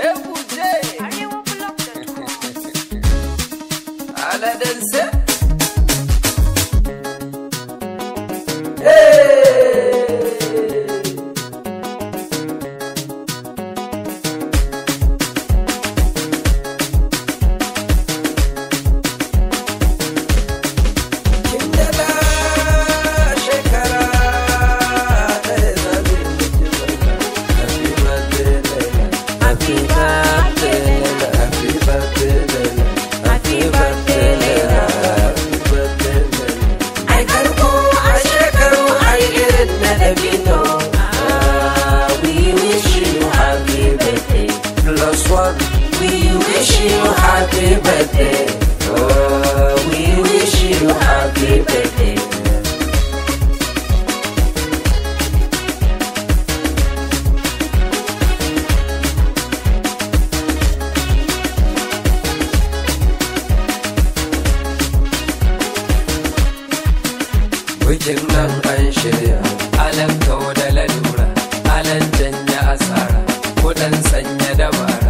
نسيب وجاي على ده we wish you happy birthday. Oh, we wish you happy birthday. alan kawo da lalura, alan janya asara, kudan sanya dabara.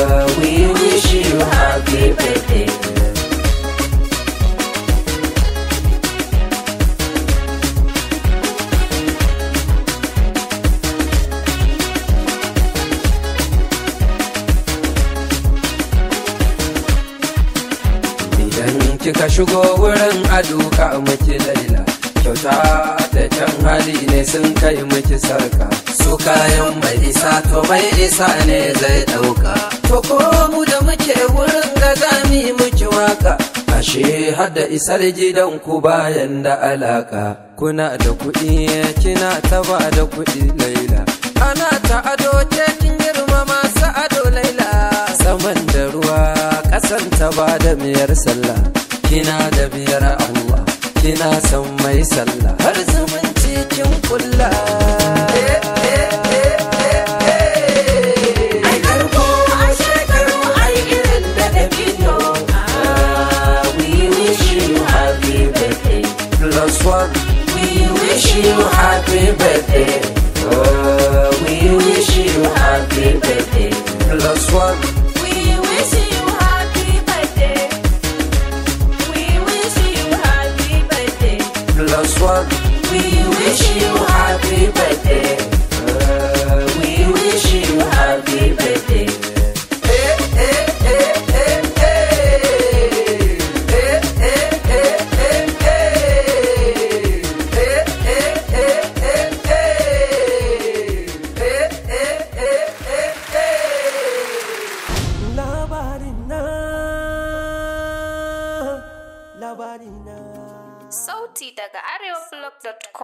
idan kika shigo wurin ado ka miki laila kyauta da can hali ne sun kai miki sarka su kayan mai isa to mai isa ne zai dauka to ko mu da muke wurin ga zami muki waka ashe har da isar gidan ku bayan da alaka kuna da kuɗi kina taba da kuɗi laila ana ta ado ce. ta ba da biyar sallah kina da biyar We wish you happy birthday. plus one. We wish you happy birthday. daga arewablogs.com.